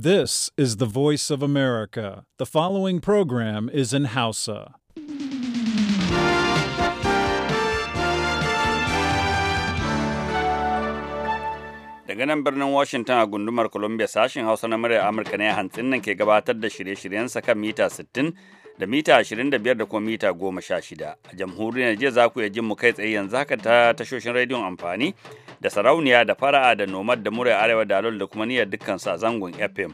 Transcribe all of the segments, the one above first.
This is the voice of America. The following program is in Hausa. Daga nan birnin Washington a gundumar Columbia sashen Hausa na murya Amurka ne hantsin nan ke gabatar da shirye-shiryensa kan mita 60 da mita 25 da kuma mita 16. A jamhuriyar Najeriya za ku iya jin mu kai tsaye yanzu haka ta tashoshin rediyon amfani da sarauniya da fara'a da nomad da murai arewa da da kuma niyyar dukkan sa zangon fm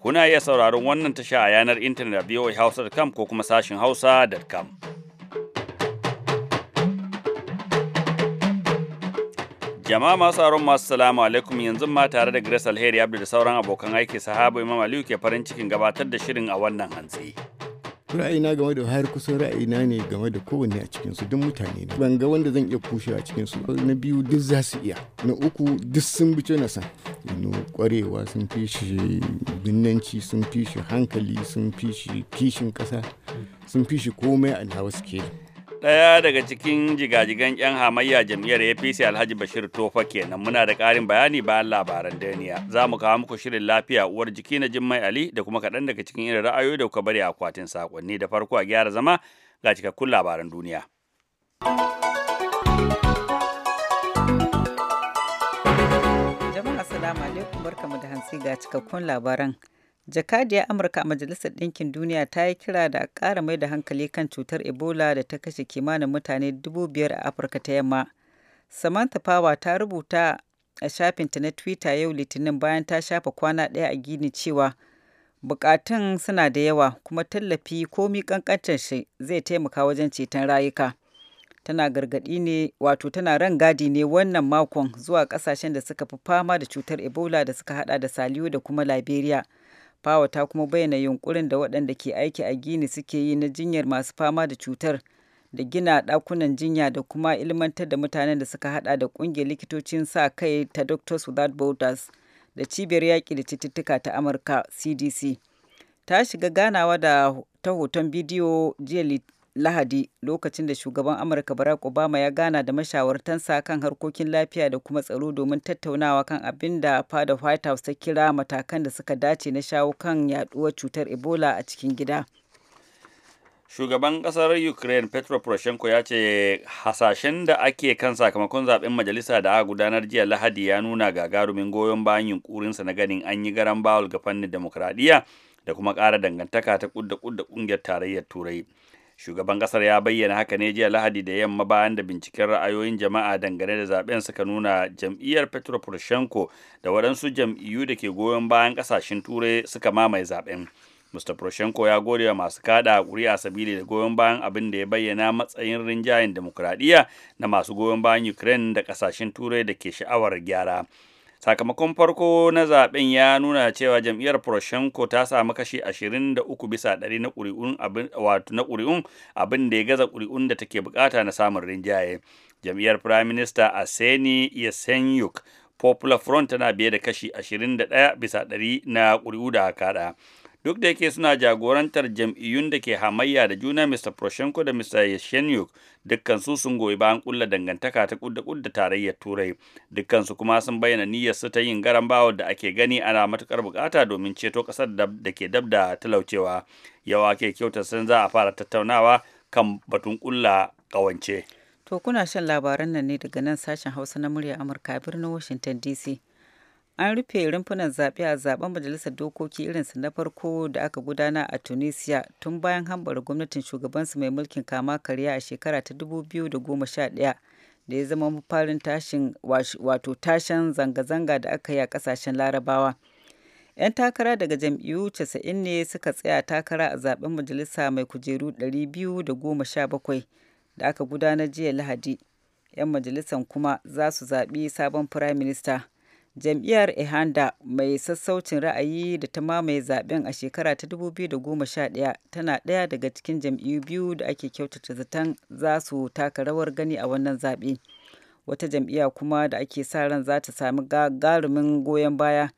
kuna iya sauraron wannan tasha a yanar intanet a voahausa.com ko kuma sashin hausa.com jama'a masu sauraron masu salamu alaikum yanzu ma tare da grace alheri abdu da sauran abokan aiki sahaba imam aliyu ke farin cikin gabatar da shirin a wannan hantsi. ra'ayina game da har kusan ra'ayina ne game da kowanne a cikinsu duk mutane ne ban ga wanda zan iya kushe a cikinsu na biyu duk za su iya na uku duk sun bice na san ino kwarewa sun fi shi binnanci sun fi shi hankali sun fi shi kishin kasa sun fi shi komai a nawa suke Ɗaya daga cikin jigajigan 'yan hamayya jam'iyyar APC Alhaji Bashir Tofa kenan muna da ƙarin bayani bayan labaran daniya Za mu kawo muku shirin lafiya uwar jiki na Jummai Ali da kuma kaɗan daga cikin irin ra'ayoyi da kuka bari akwatin saƙonni da farko a gyara zama ga cikakkun labaran duniya. Jama'a assalamu alaikum barkamu da hantsi ga cikakkun labaran. jakadiyar amurka a majalisar ɗinkin duniya ta yi kira da ƙara mai da hankali kan cutar ebola da ta kashe kimanin mutane 5,000 a afirka ta yamma samantha power ta rubuta a shafinta na twitter yau litinin bayan ta shafa kwana ɗaya a gini cewa bukatun suna da yawa kuma tallafi ko miƙanƙancin shi zai taimaka wajen ceton rayuka tana gargaɗi ne wato tana ran gadi ne wannan makon zuwa ƙasashen da suka fi fama da cutar ebola da suka haɗa da saliyo da kuma liberia Fawa ta kuma bayyana yunkurin da waɗanda ke aiki a Gini suke yi na jinyar masu fama da cutar da gina ɗakunan jinya da kuma ilmantar da mutanen da suka haɗa da ƙungiyar likitocin sa kai ta Doctors Without Borders da cibiyar yaƙi da cututtuka ta Amurka CDC. Ta shiga ganawa da ta hoton bidiyo jiya Lahadi lokacin da shugaban Amurka Barack Obama ya gana da mashawartansa kan harkokin lafiya da kuma tsaro domin tattaunawa kan abin da fada White House ta kira matakan da suka dace na shawo kan yaduwar cutar Ebola a cikin gida. Shugaban kasar Ukraine Petro Poroshenko ya ce hasashen da ake kan sakamakon zaben majalisa da aka gudanar jiya Lahadi ya nuna gagarumin goyon bayan yunkurinsa na ganin an yi garan bawul ga fannin demokradiyya da kuma ƙara dangantaka ta kudda kudda ƙungiyar tarayyar Turai. shugaban kasar ya bayyana haka ne jiya lahadi da yamma bayan da binciken ra'ayoyin jama'a dangane da zaben suka nuna jam'iyyar petro poroshenko da waɗansu jam'iyyu da ke goyon bayan ƙasashen turai suka mamaye zaben mr poroshenko ya gode wa masu kada ƙuri'a sabili da goyon bayan abin da ya bayyana matsayin rinjayen demokuraɗiyya na masu goyon bayan ukraine da ƙasashen turai da ke sha'awar gyara Sakamakon farko na zaben ya nuna cewa jam'iyyar Poroshenko ta samu kashi 23 bisa ɗari na ƙuri'un abin da ya gaza ƙuri'un da take bukata na samun rinjaye. Jam'iyyar Prime Minister Arseniy Yatsenyuk Popular Front tana biye da kashi 21 bisa ɗari na ƙuri'u da ɗaya. duk da yake suna jagorantar jam'iyyun da ke hamayya da juna Mr. Poroshenko da Mr. Yashenyuk dukkansu sun goyi bayan kulla dangantaka ta kudda kudda tarayyar Turai dukkansu kuma sun bayyana niyyar su ta yin garan bawa da ake gani ana matukar bukata domin ceto kasar da ke dab da talaucewa yawa ke kyauta sun za a fara tattaunawa kan batun kulla kawance to kuna shan labaran nan ne daga nan sashen Hausa na murya Amurka birnin Washington DC an rufe rumfunan zaɓe a zaɓen majalisar dokoki irinsu na farko da aka gudana a tunisia tun bayan hambar gwamnatin shugabansu mai mulkin kama karya a shekara ta 2011 da ya zama mafarin tashin wato tashin zanga-zanga da aka yi a ƙasashen larabawa 'yan takara daga jam'iyyu 90 ne suka tsaya takara a zaɓen majalisa mai kujeru 217 da aka gudanar jiya lahadi 'yan majalisan kuma za su zaɓi sabon firayim minista. jam'iyyar Ehanda mai sassaucin ra'ayi da ta mamaye zaben a shekara ta 2011 tana ɗaya daga cikin jam'iyyu biyu da ake kyautata zaton za su taka rawar gani a wannan zaɓe wata jam'iyya kuma da ake sa ran za ta sami gagarumin goyon baya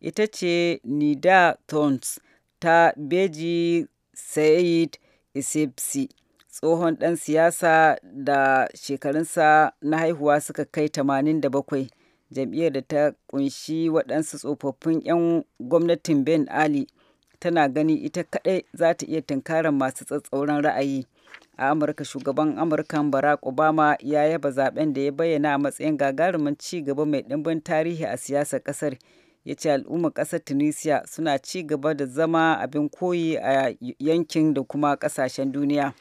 ita ce nida thorns ta beji said isipsi tsohon ɗan siyasa da shekarunsa na haihuwa suka kai 87 jam'iyyar da ta kunshi waɗansu tsofaffin 'yan gwamnatin ben ali tana gani ita kaɗai za ta iya tunkarar masu tsatsauran ra'ayi a amurka shugaban amurkan barack obama ya yaba zaben da ya bayyana a matsayin gagarumin ci gaba mai ɗimbin tarihi a siyasar ƙasar ya ce al'ummar ƙasar tunisia suna ci gaba da zama abin koyi a yankin da kuma ƙasashen duniya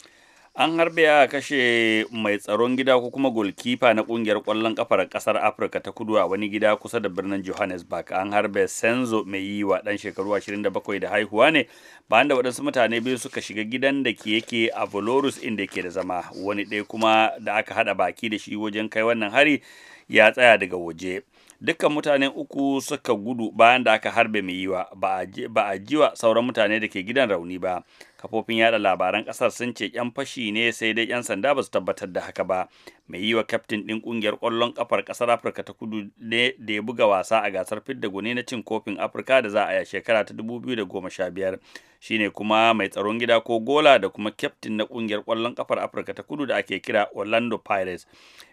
an harbe ya kashe mai tsaron gida ko kuma golkipa na kungiyar kwallon kafar kasar afirka ta kudu a wani gida kusa da birnin johannesburg an harbe senzo mai yi wa dan shekaru 27 da haihuwa ne bayan da waɗansu mutane biyu suka shiga gidan da ke yake a volorus inda ke da zama wani ɗaya kuma da aka haɗa baki da shi wajen kai wannan hari ya tsaya daga waje dukkan mutane uku suka gudu bayan da aka harbe mai yiwa ba a jiwa sauran mutane da ke gidan rauni ba kafofin yada labaran kasar sun ce yan fashi ne sai dai yan sanda ba su tabbatar da haka ba mai yi wa kaftin din kungiyar kwallon kafar kasar afirka ta kudu ne da ya buga wasa a gasar fidda gune na cin kofin afirka da za a yi shekara ta 2015 shine kuma mai tsaron gida ko gola da kuma kyaftin na kungiyar kwallon kafar afirka ta kudu da ake kira orlando pirates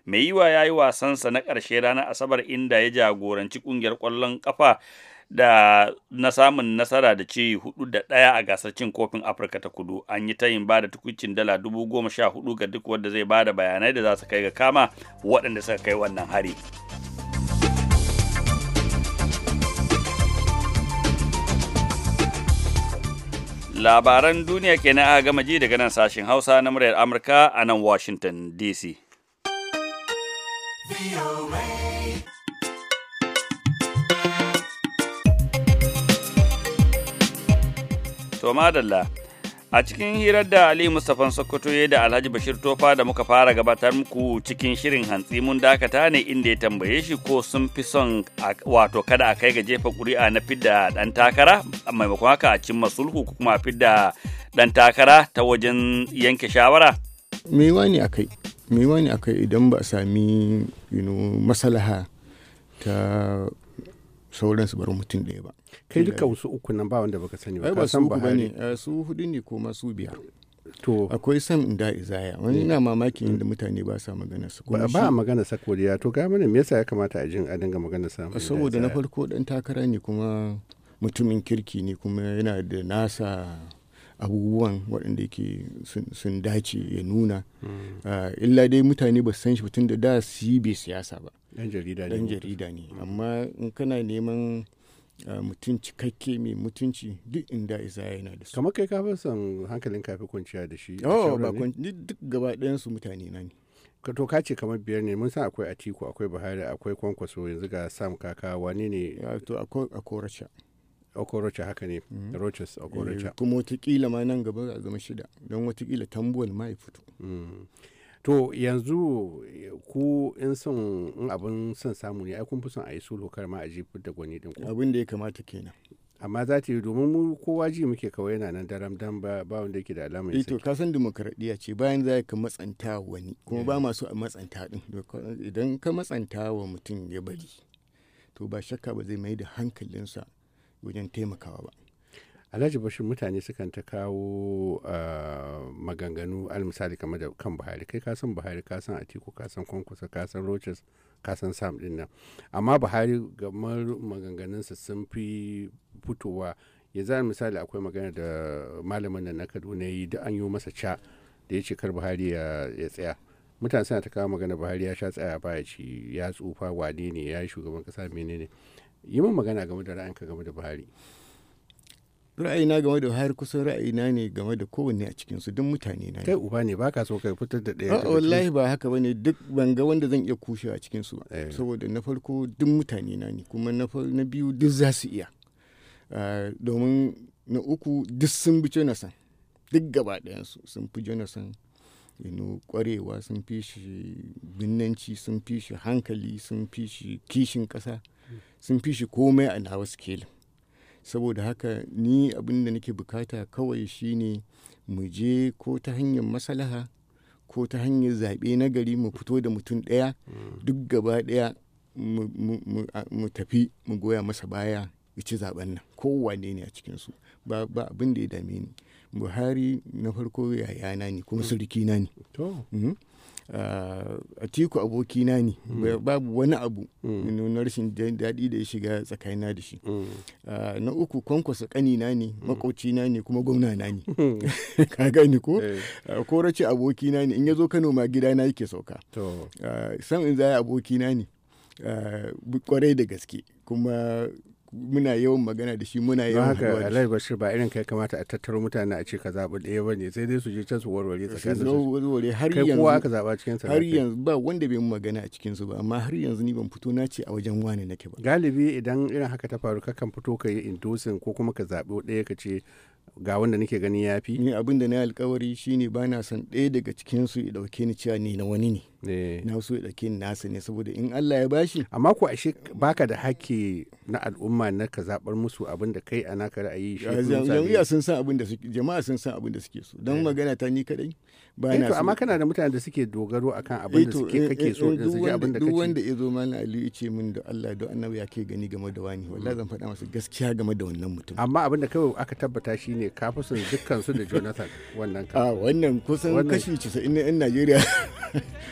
mai yiwa ya yi wasansa na ƙarshe ranar asabar inda ya jagoranci kungiyar kwallon kafa da na samun nasara da ci hudu da ɗaya a gasar cin kofin afirka ta kudu an yi tayin ba da tukucin dala dubu goma sha hudu ga duk wanda zai ba da bayanai da za su kai ga kama waɗanda suka kai wannan hari labaran duniya kenan a gama ji daga nan sashen hausa na muryar amurka a nan washington dc so madalla. A cikin hirar da Ali Mustapha Sokoto ya da Alhaji Bashir Tofa da muka fara gabatar muku cikin shirin hantsi mun dakata ne inda ya tambaye shi ko sun fi son wato kada a kai ga jefa kuri'a na fidda ɗan takara maimakon haka a cimma sulhu ko kuma fidda ɗan takara ta wajen yanke shawara. Me wani akai? Me wani akai idan ba a sami you know, masalaha ta sauransu bari mutum ɗaya ba. kai duka wasu uku nan ba wanda baka sani ba ka san Buhari eh, su hudu ne ko masu biyar to akwai sam inda izaya wani mm. ina mamaki mm. inda mutane ba sa magana su kuma ba magana sa koriya to ga mana me yasa ya kamata a jin a dinga magana sa saboda na farko dan takara ne kuma mutumin kirki ne kuma yana da nasa abubuwan waɗanda yake sun dace ya nuna mm. ah, illa dai mutane ba san shi tun da da su yi bai siyasa ba dan jarida ne amma in kana neman mutunci kake mai mutunci duk inda isa yana da su kamar kai kafin san hankalin kafin kwanciya da shi oh ba duk gaba ɗayan su mutane na ne to ka ce kamar biyar ne mun san akwai atiku akwai buhari akwai kwankwaso yanzu ga sam kaka wane ne to akwai akoracha okoracha haka ne mhm. rochas okoracha eh, kuma watakila ma nan gaba a zama shida don watakila tambuwal ma ya fito mm. to yanzu eh, ku in son abin son samu ne ai kun fi son a yi sulhu kar ma a jifar da gwani din abin da ya kamata kenan amma za ta yi domin mu kowa ji muke kawai yana nan daram dan ba ba wanda yake da alamar eh to ka san demokradiya ce bayan za ka matsanta wani kuma ba eh. masu a matsanta din idan ka matsanta wa mutum ya bari to ba shakka ba zai mai da hankalinsa wajen taimakawa ba alhaji bashir mutane sukan ta kawo ah, maganganu almisali kamar da kan buhari kai kasan buhari kasan atiku kasan kwankwasa kasan roches kasan sam din nan amma buhari gamar maganganunsa sun fi fitowa ya za misali akwai magana da malamin nan na kaduna yi da an yi masa ca da ya ce kar buhari ya tsaya mutane suna ta kawo magana buhari ya sha tsaya baya ci ya tsufa wane ne ya yi shugaban kasa menene yi min magana game da ra'ayinka game da buhari ra'ayina game da har kusan ra'ayina ne game da kowanne a cikin su duk mutane na kai uba ne baka so kai fitar da ɗaya a wallahi ba haka bane duk ban ga wanda zan iya kushe a cikin su eh. saboda na farko duk mutane na ne kuma na biyu duk za su iya ah, domin na uku duk sun bi jonathan duk gaba su sun fi jonathan yano kwarewa sun fi shi binnanci sun fi shi hankali sun fi shi kishin ƙasa hmm. sun fi shi komai a nawa scale saboda haka ni abin da nake bukata kawai shine mu je ko ta hanyar masalaha ko ta hanyar zaɓe na gari mu fito da mutum ɗaya duk gaba ɗaya mu tafi mu goya masa baya ci zaben nan kowane ne a cikinsu ba abin da ya dame ni buhari na farko yayana ne kuma hmm. surikina ne Eh, atiku abokina ne mm. babu wani abu mm. na rashin daɗi da ya shiga tsakanina da shi mm. eh, na uku kwankwasa ƙanina ne makaucina ne kuma gwamna na ne ka gani ko eh. ko race abokina ne in ya zo kano ma gida na yake sauka sam in zai abokina ne kwarai da gaske kuma muna yawan magana da shi muna yawan haka alai bashir ba irin kai kamata a tattaro mutane a ce ka zaɓi ɗaya ba ne sai dai su je can su warware tsakanin har yanzu kowa zaɓa cikin har yanzu ba wanda bai magana a cikin su ba amma har yanzu ni ban fito na ce a wajen wani nake ba galibi idan irin haka ta faru kakan fito ka yi endorsing ko kuma ka zaɓi ɗaya ka ce ga wanda nake gani ya fi ni abin da na alkawari shine bana son ɗaya daga cikin su ya ɗauke ni cewa ni na wani ne Eh. na so ya nasa ne saboda in Allah ya bashi amma ko ashe baka da haƙƙi na al'umma na ka zaɓar musu abin da kai a naka ra'ayi shi jama'a sun san abin da suke jama'a sun san abin da suke so don eh. magana ta ni kadai ba eh na amma kana da mutanen da suke dogaro akan abin da suke kake so da suke abin da kake duk wanda ya zo mana Ali ya ce min da Allah da annabi ya ke gani game da wani wallahi hmm. zan faɗa masa gaskiya game da wannan mutum amma abin da kawai aka tabbata shine ka fi son dukkan su da Jonathan wannan ka a ah, wannan kusan kashi 90 in Najeriya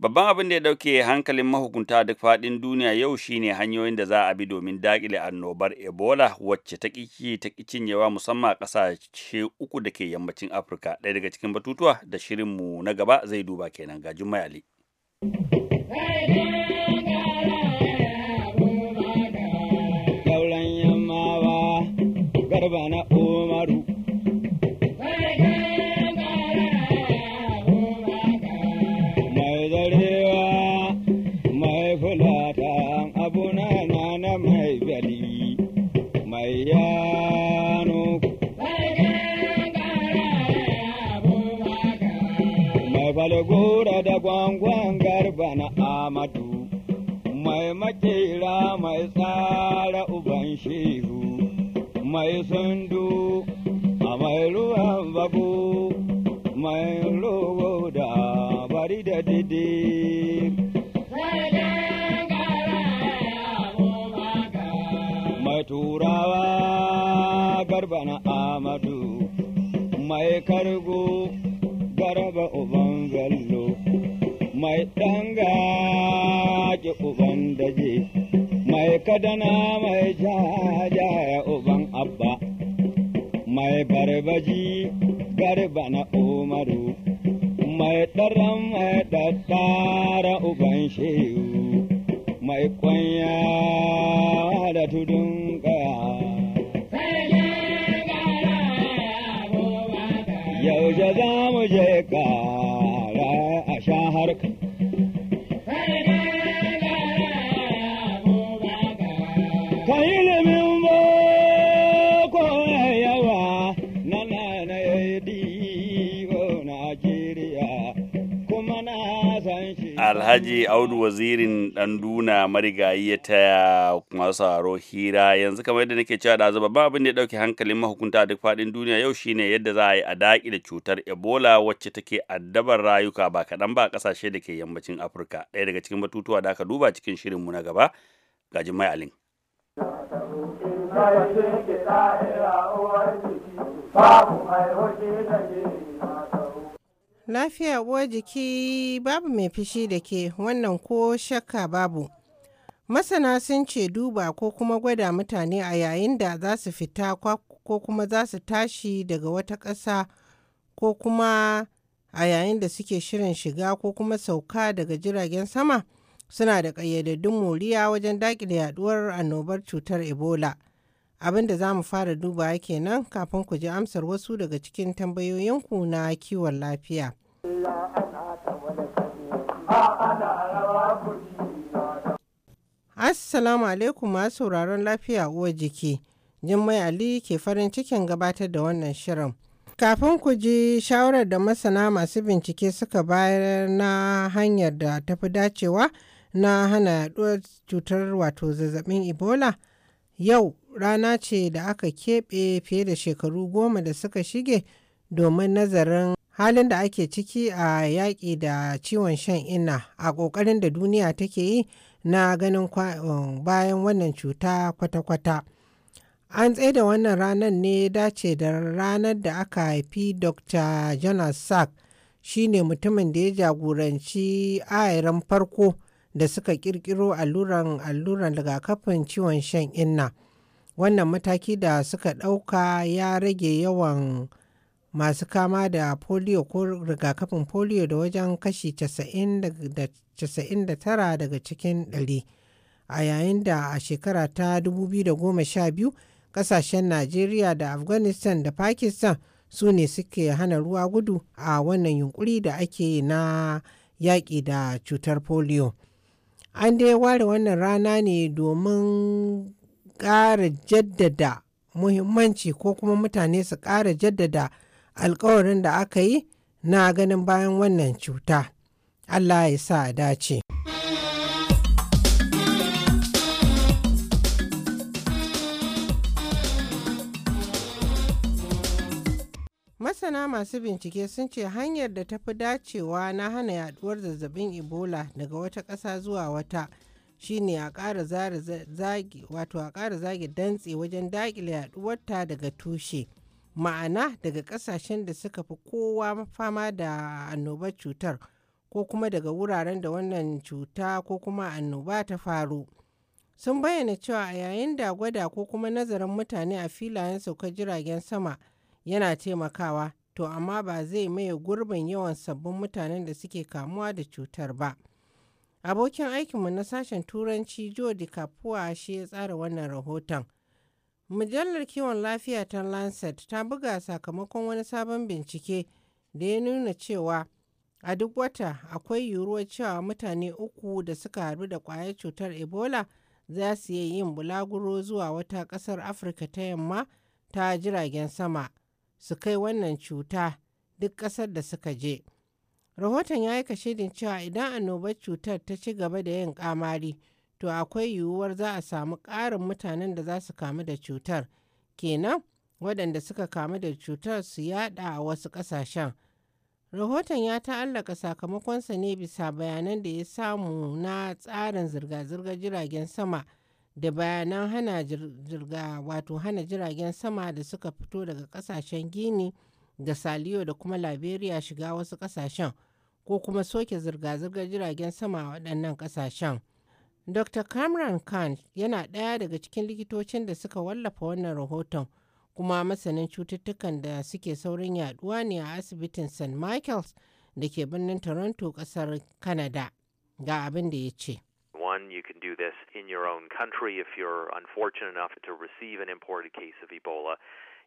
Babban abin da ya ɗauke hankalin mahukunta duk faɗin duniya yau shine hanyoyin da za a bi domin daƙile annobar Ebola wacce ta ƙiƙi ta cinyewa musamman a ƙasashe uku da ke yammacin Afirka. Ɗaya daga cikin batutuwa da shirin mu na gaba zai duba kenan ga Jummai Ali. Garba Umaru gwangwan garba na amadu mai makera mai tsara uban shehu mai sundu a mai ruwan babu mai rogo da bari da didi mai turawa garba na amadu mai kargo garba uban gallo mai ɗanga ki uban daji, mai kadana mai jaja ya uban abba, mai barbaji garba na umaru, mai ɗaran mai ɗaɗɗara uban shehu, mai kwanya da tudun ƙaya. Yau za mu je ka Shah रखें Alhaji Audu wazirin Danduna marigayi ya taya masu haro hira yanzu kamar yadda nake cewa da babban abin da ya dauke hankalin mahukunta a duk faɗin duniya yau shine yadda za a yi a daƙi da cutar Ebola wacce take addabar rayuka ba kaɗan ba ƙasashe da ke yammacin Afirka. Ɗaya daga cikin batutuwa da aka duba cikin shirin mu na gaba ga Jimai Alin. Babu Lafiya uwar jiki babu mai fishi da ke wannan ko shakka babu. Masana sun ce duba ko kuma gwada mutane a yayin da za su fita ko kuma za su tashi daga wata ƙasa ko kuma a yayin da suke shirin shiga ko kuma sauka daga jiragen sama suna da ƙayyadaddun moriya wajen daƙile yaduwar annobar cutar Ebola. Abin da za mu fara duba dubawa nan, kafin ku ji amsar wasu daga cikin tambayoyinku na kiwon lafiya. Assalamu alaikum masu sauraron lafiya uwar jiki. Jummai Ali ke farin cikin gabatar da wannan shirin. Kafin ku ji shawarar da masana masu bincike suka bayar na hanyar da tafi dacewa na hana yaduwar cutar wato zazzabin Ebola. Yau rana ce da aka keɓe fiye da shekaru goma da suka shige domin nazarin halin da ake ciki a yaƙi da ciwon shan ina a ƙoƙarin da duniya take yi na ganin um, bayan wannan cuta kwata-kwata. An da wannan ranar ne dace da ranar da aka haifi Dr. Jonas sack shine mutumin da ya jagoranci ayaran farko da suka kirkiro alluran alluran rigakafin ciwon shan inna wannan mataki da suka ɗauka ya rage yawan masu kama da polio ko rigakafin polio da wajen kashi 99 daga cikin 100 a yayin da a shekara ta 2012 kasashen najeriya da afghanistan da pakistan su ne suke hana ruwa gudu a wannan yunkuri da ake na yaƙi da cutar polio. an dai ware wannan rana ne domin ƙara jaddada muhimmanci ko kuma mutane su ƙara jaddada alkawarin da aka yi na ganin bayan wannan cuta allah ya sa a dace masana masu bincike sun ce hanyar da ta fi dacewa na hana yaduwar zazzabin ebola daga wata ƙasa zuwa wata shine a ƙara zage wato a ƙara zage dantse wajen daƙile ta daga tushe ma'ana daga ƙasashen da suka fi kowa fama da annobar cutar ko kuma daga wuraren da wannan cuta ko kuma annoba ta faru sun bayyana cewa a yayin da gwada ko kuma nazarin mutane a filayen saukar jiragen sama yana taimakawa to amma ba zai maye gurbin yawan sabbin mutanen da suke kamuwa da cutar ba. Abokin aikinmu na sashen Turanci Jodi Kapuwa shi ya tsara wannan rahoton. Mujallar kiwon lafiya ta Lancet ta buga sakamakon wani sabon bincike da ya nuna cewa a duk wata akwai yiwuwar cewa mutane uku da suka harbu da kwayar cutar Ebola za su iya yin bulaguro zuwa wata ƙasar Afirka ta yamma ta jiragen sama. su kai wannan cuta duk ƙasar da suka je. Rahoton ya yi kashedin cewa idan annobar cutar ta ci gaba da yin ƙamari, to akwai yiwuwar za a samu ƙarin mutanen da za su kamu da cutar. Kenan, waɗanda suka kamu da cutar su yaɗa a wasu ƙasashen. Rahoton ya ta'allaka sakamakonsa ne bisa bayanan da ya samu na tsarin zirga-zirgar jiragen sama. da bayanan hana jirga wato hana jiragen sama da suka fito daga kasashen gini da saliyo da kuma liberia shiga wasu kasashen ko kuma soke zirga-zirgar jiragen sama waɗannan kasashen dr cameron khan yana ɗaya daga cikin likitocin da suka wallafa wannan rahoton kuma masanin cututtukan da suke saurin yaduwa ne a asibitin st michael's da ke birnin toronto ƙasar canada ga abin da ya ce in your own country if you're unfortunate enough to receive an imported case of Ebola.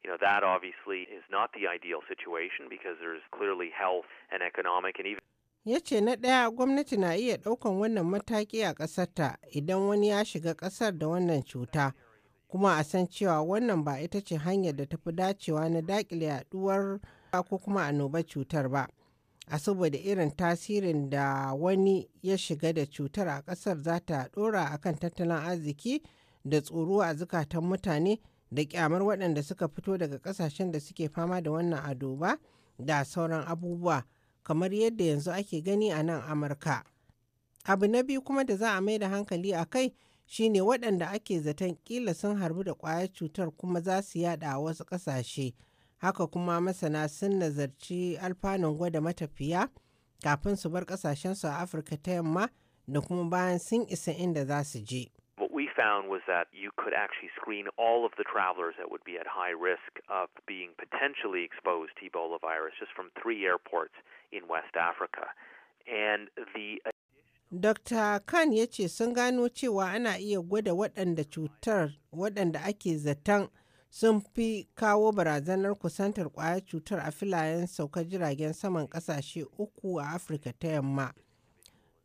You know, that obviously is not the ideal situation because there's clearly health and economic and even ya ce na ɗaya gwamnati na iya ɗaukan wannan mataki a ƙasarta idan wani ya shiga ƙasar da wannan cuta kuma a san cewa wannan ba ita ce hanyar da tafi dacewa na daƙile yaɗuwar ko kuma annobar cutar ba. a saboda irin tasirin da wani ya shiga da cutar a ƙasar za ta ɗora a kan tattalin arziki da tsoro a zukatan mutane da kyamar waɗanda suka fito daga ƙasashen da suke fama da wannan adoba da sauran abubuwa kamar yadda yanzu ake gani a nan amurka abu na biyu kuma da za a mai da hankali a kai shine waɗanda ake zaton kila sun harbi da ƙwayar cutar kuma za su yada a wasu ƙasashe. haka kuma masana sun nazarci alfanun gwada matafiya kafin su bar su a afirka ta yamma da kuma bayan sun isa inda za su je found was that you could actually screen all of the travelers that would be at high risk of being potentially exposed to Ebola virus just from three airports in West Africa. And the Dr. Khan ya ce sun gano cewa ana iya gwada waɗanda cutar waɗanda ake zaton sun fi kawo barazanar kusantar kwayar cutar a filayen saukar jiragen saman kasashe uku a afirka ta yamma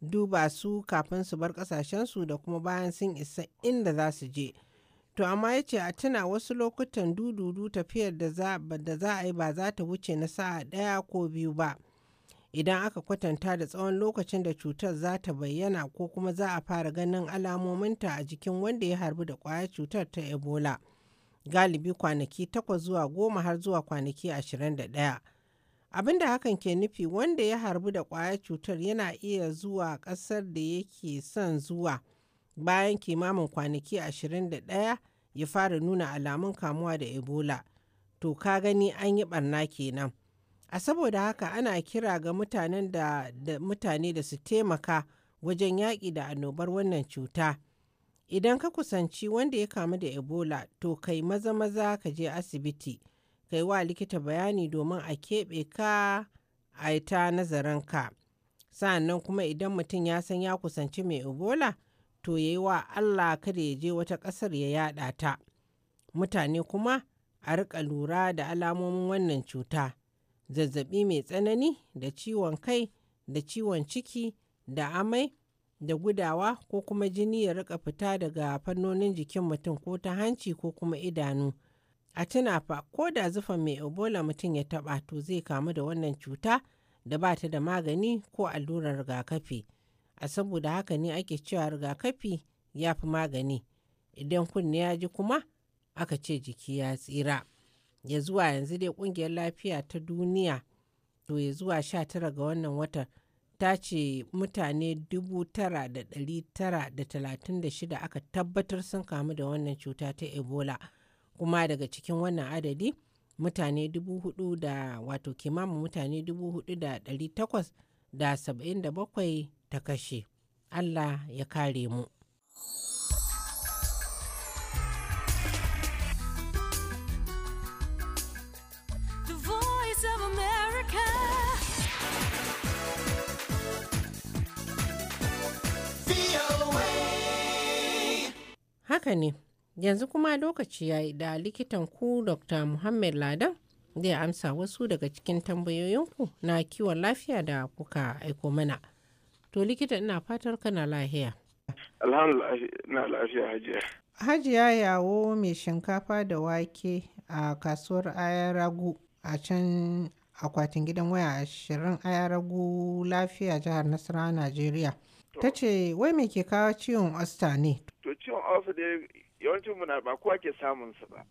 duba su kafin su bar kasashensu da kuma bayan sun isa inda za su je to amma ya ce a tuna wasu lokutan dududu tafiyar da za a yi ba za ta wuce na sa'a ɗaya ko biyu ba idan aka kwatanta da tsawon lokacin da cutar za ta bayyana ko kuma za a fara ganin alamominta a jikin wanda ya harbi da kwayar cutar ta ebola. galibi kwanaki takwas zuwa goma har zuwa kwanaki ashirin da ɗaya. Abin da hakan ke nufi wanda ya harbu da kwayar cutar yana iya zuwa kasar da yake son zuwa bayan kimamin kwanaki ashirin da ɗaya ya fara nuna alamun kamuwa da Ebola. To ka gani an yi ɓarna kenan. A saboda haka ana kira ga mutanen da, mutane da su taimaka wajen yaƙi da annobar wannan cuta. Idan ka kusanci wanda ya kamu da Ebola to kai maza-maza ka je asibiti, kai wa likita bayani domin a keɓe ka a ta nazarin ka. Sa'annan kuma idan mutum ya san ya kusanci mai Ebola to ya yi wa Allah kada ya je wata ƙasar ya yaɗa ta. Mutane kuma a riƙa lura da alamomin wannan cuta, zazzabi mai tsanani da ciwon kai da ciwon ciki da amai da gudawa ko kuma jini ya rika fita daga fannonin jikin mutum ko ta hanci ko kuma idanu a tuna fa ko da zufan mai ebola mutum ya taba to zai kamu da wannan cuta da ba ta da magani ko allurar rigakafi a saboda haka ne ake cewa rigakafi ya fi magani idan kunne ya ji kuma aka ce jiki ya tsira ya zuwa yanzu dai kungiyar lafiya ta duniya to ya zuwa tara ga wannan watan ta ce mutane 9,936 aka tabbatar sun kamu da wannan cuta ta ebola kuma daga cikin wannan adadi mutane 4,000 da wato kimanin mutane 4,800 da 77 ta kashe allah ya kare mu Haka ne, yanzu kuma lokaci ya yi da likitan ku Dr. muhammed Ladan zai amsa wasu daga cikin tambayoyinku na kiwon lafiya da kuka aiko mana. To likita ina fatar kana lahiya. Alhamdulillah na lafiya hajiya. Hajiya yawo mai shinkafa da wake a kasuwar Ayaragu a can akwatin gidan waya ashirin Ayaragu lafiya jihar Nasarawa Najeriya. ta ce wai me ke kawo ciwon asta ne to ciwon asta dai yawancin muna ba kowa ke samun sa ba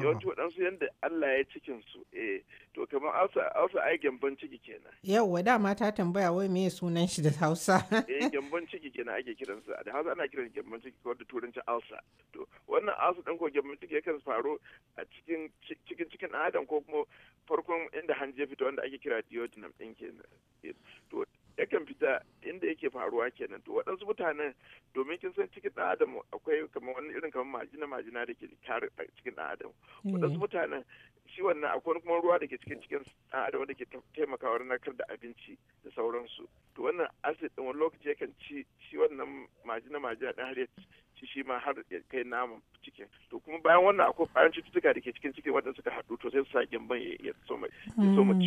yawancin waɗansu yadda Allah ya cikin su eh to kamar Hausa ai gyambon ciki kenan yawwa dama ta tambaya wai me sunan shi da Hausa eh gyambon ciki kenan ake kiransa da Hausa ana kiran gyambon ciki ko da turanci Hausa to wannan Hausa ɗin ko gyambon ciki yakan faru a cikin cikin cikin adam ko kuma farkon inda hanji ya fito wanda ake kira duodenum ɗin kenan to yakan fita inda yake faruwa kenan to waɗansu mutanen domin kin san cikin ɗan adam akwai kamar wani irin kamar majina majina da ke tare cikin ɗan adam hmm. waɗansu mutanen shi wannan akwai kuma ruwa da ke cikin cikin ɗan adam da ke taimakawa narkar da abinci da sauransu to wannan acid ɗin wani lokaci yakan ci shi wannan majina majina ɗan har ci shi ma har ya kai naman cikin to kuma bayan wannan akwai bayan cututtuka da ke cikin ciki waɗanda suka haɗu to sai su sa gyambon ya soma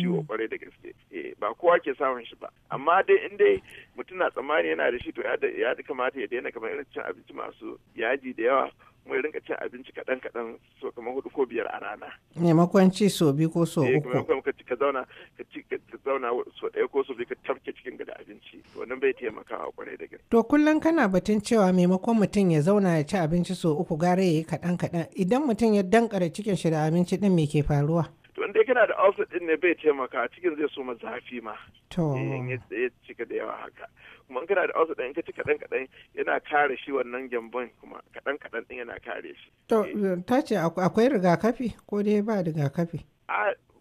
ciwo kwarai mm. da gaske eh, ba kowa ke samun shi ba amma dai in dai mutum na tsammani yana da shi to ya kamata ya daina kamar irin cin abinci masu yaji da yawa mai rinka cin abinci kaɗan kaɗan so kamar hudu ko biyar a rana. Maimakon ci so biyu ko so eh, uku. Eh, ka ci ka zauna ka ci ka zauna so ɗaya ko so biyu ka tafke cikin gada abinci wannan bai taimakawa kwarai da gaske. To kullum kana batun cewa maimakon mutum ya zauna ya ci abinci so uku gara ya yi kaɗan kaɗan idan mutum ya dankare cikin shi da abinci ɗin me ke faruwa? to inda kana da outfit din ne bai taimaka cikin zai so ma zafi ma eh, in ya cika da yawa haka kuma in kana da outfit din ka ci kadan kadan yana kare shi wannan gyambon kuma kaɗan kaɗan din yana kare shi to eh. ta ce akwai rigakafi ko dai ba rigakafi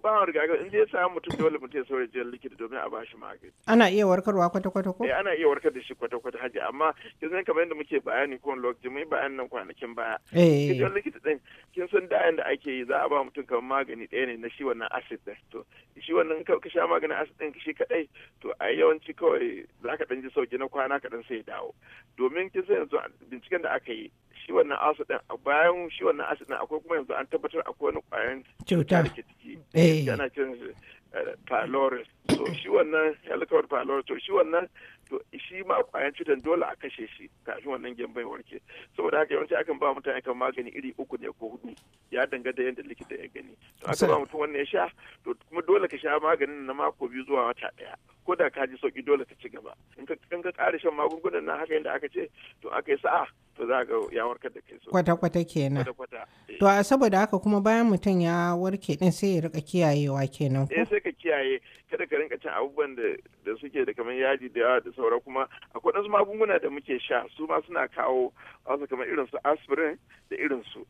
ba rigakafi in zai samu mutum dole mutum ya saurin jiyar likita domin a bashi magani ana iya warkarwa kwata-kwata ko eh, ana iya warkar da shi kwata-kwata haji amma kin kamar yadda muke bayani kowane lokaci mun yi bayanin nan kwanakin baya eh jiyar likita din kin san da yanda ake yi za a ba mutum kamar magani ɗaya ne na shi wannan acid din to shi wannan ka sha maganin acid din shi kaɗai to a yawanci kawai za ka dan ji sauki na kwana ɗan sai ya dawo domin kin san yanzu binciken da aka yi shi wannan asu din a bayan shi wannan asu din akwai kuma yanzu an tabbatar akwai wani kwayan cuta da ke ciki yana eh. cin eh, pylorus to shi wannan helicobacter pylorus to shi wannan to shi ma kwayan cutan dole a kashe shi kafin wannan gyambai warke saboda haka yawanci akan ba mutane kan magani iri uku ne ko hudu ya da yadda likita ya gani to aka ba mutum wannan ya sha to kuma dole ka sha maganin na mako biyu zuwa wata daya ko da ka ji sauki dole ta ci gaba in ka ƙara shan magungunan na haka yadda aka ce to aka yi sa'a to za ga ya warkar da ke so kwata-kwata kenan kwata eh. to a saboda haka kuma bayan mutum ya warke din sai ya rika kiyayewa kenan ko eh sai ka kiyaye kada ka rinka cin abubuwan da da suke da kamar yaji da yawa da saura kuma akwai wasu magunguna da muke sha su ma suna kawo wasu kamar irin su aspirin da irin su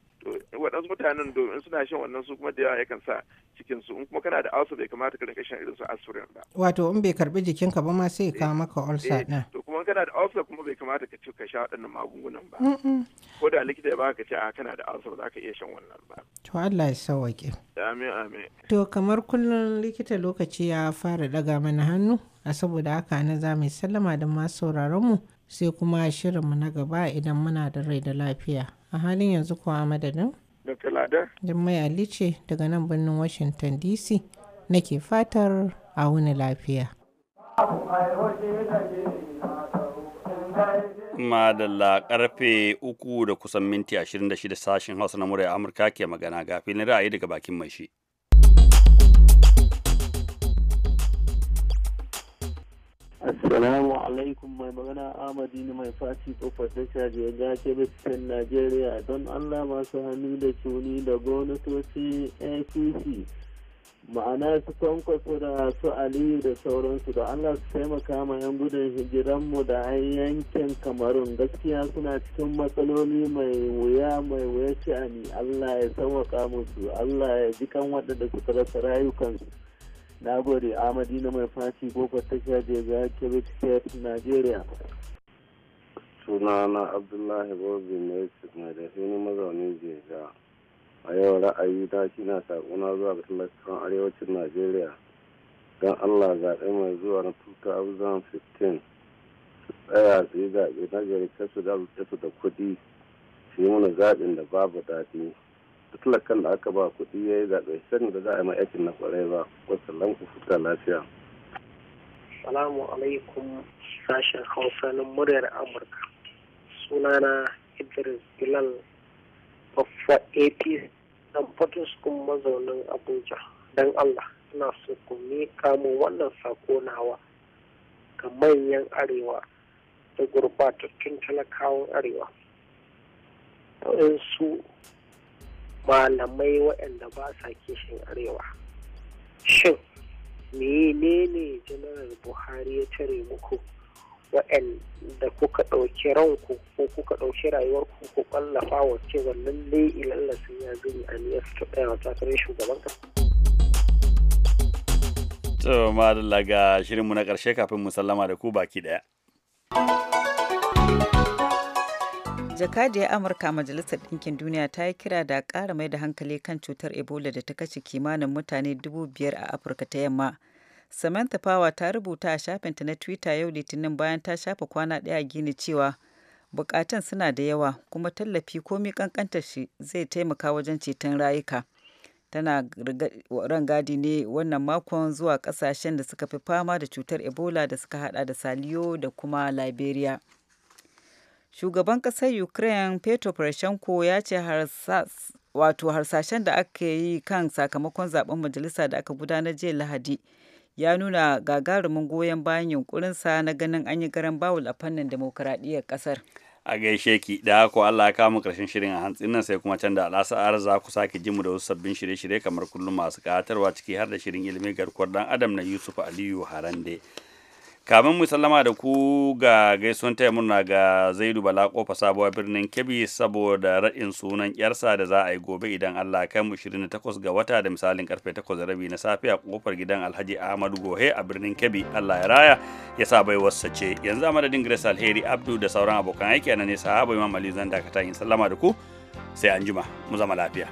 waɗansu mutanen domin suna shan wannan su kuma da yawa yakan sa cikin su in kuma kana da ulcer bai kamata ka rinka shan irin su aspirin ba wato in bai karbi jikin ka ba ma sai ka eh, maka ulcer din eh, to kuma kana da ulcer kuma bai kamata ka ci ka sha waɗannan magungunan ba ko da likita ya baka ce a ah, kana da ulcer za ka iya shan wannan ba to Allah ya sauke amin amin to kamar kullum likita lokaci ya fara daga mana hannu a saboda haka na za mu sallama da masu sauraron mu sai kuma shirinmu na gaba idan muna da rai da lafiya A halin yanzu kuwa a madadin? da Lada. Ali ce daga nan birnin Washington DC ke fatar a wuni lafiya. Madalla karfe uku da kusan minti 26 sashen Hausa na murya Amurka ke magana ga filin ra'ayi daga bakin mai shi. Assalamu alaikum mai magana Amadi ne mai faci kofar tasha je ga cikin Najeriya don Allah masu hannu da cuni da gwamnatoci acc ma'ana su kwankwaso da su aliyu da sauransu da Allah su taimaka ma 'yan gudun hijiranmu da an yankin kamarun gaskiya suna cikin matsaloli mai wuya mai wuya sha'ani Allah ya sauwaka musu Allah ya ji kan waɗanda suka rasa rayukansu. na gode amadi na mai faci boko tasha jega kebe nigeria sunana abdullahi bobi mai mai da sinu mazaunin jeja a yau ra'ayi ta shi na zuwa ga arewacin nigeria don allah zaɓe mai zuwa na 2015 su tsaya su yi zaɓe na gari kasu da su da kuɗi su yi mana zaɓin da babu daɗi da talakan da aka ba kuɗi ya yi zaɓe sani da za a yi ma'aikin aikin na kwarai ba wasallam ku fuska lafiya. Salamu alaikum sashen Hausa na muryar Amurka. Sunana Idris Bilal Baffa APC dan Fatuskun mazaunin Abuja. Don Allah, ina so ku miƙa wannan sako nawa ga manyan arewa da gurbatattun talakawan arewa. su malamai waɗanda ba sa kishin arewa shin menene janar buhari ya tare muku waɗanda kuka ɗauki ranku ko kuka ɗauki rayuwarku ko ƙwallafa wa cewa lallai ilalla sun ya zuri a niyyar su ta takarar shugaban ka to madalla ga shirinmu na ƙarshe kafin mu sallama da ku baki ɗaya. jakadiyar amurka majalisar ɗinkin duniya ta yi kira da ƙara mai da hankali kan cutar ebola da ta kashe kimanin mutane dubu biyar a afirka ta yamma samantha power ta rubuta a shafinta na twitter yau litinin bayan ta shafa kwana ɗaya gini cewa bukatan suna da yawa kuma tallafi komi ƙanƙantar shi zai taimaka wajen ceton rayuka tana rangadi ne wannan makon zuwa kasashen da suka fi fama da cutar ebola da suka hada da saliyo da kuma liberia shugaban kasar ukraine petro poroshenko ya ce wato harsashen da aka yi kan sakamakon zaben majalisa da aka gudanar jiya lahadi ya nuna gagarumin goyon bayan yunkurinsa na ganin an yi garan bawul a fannin demokuraɗiyyar kasar. a gaishe ki da ko Allah ya kama karshen shirin a hantsin nan sai kuma can da al'asa'ar za ku sake jimu da wasu sabbin shirye-shirye kamar kullum masu katarwa ciki har da shirin ilimin garkuwar dan adam na Yusuf Aliyu Harande. kamin mu sallama da ku ga gaisuwan taya murna ga zaidu bala kofa sabuwar birnin kebbi saboda raɗin sunan yarsa da za a yi gobe idan allah kai mu shirin takwas ga wata da misalin karfe takwas da rabi na safe a kofar gidan alhaji ahmadu gohe a birnin kebbi allah ya raya ya sa bai wasa ce yanzu a madadin grace alheri abdu da sauran abokan aiki a nan ne sahaba imam ali zan dakata in sallama da ku sai anjima mu zama lafiya.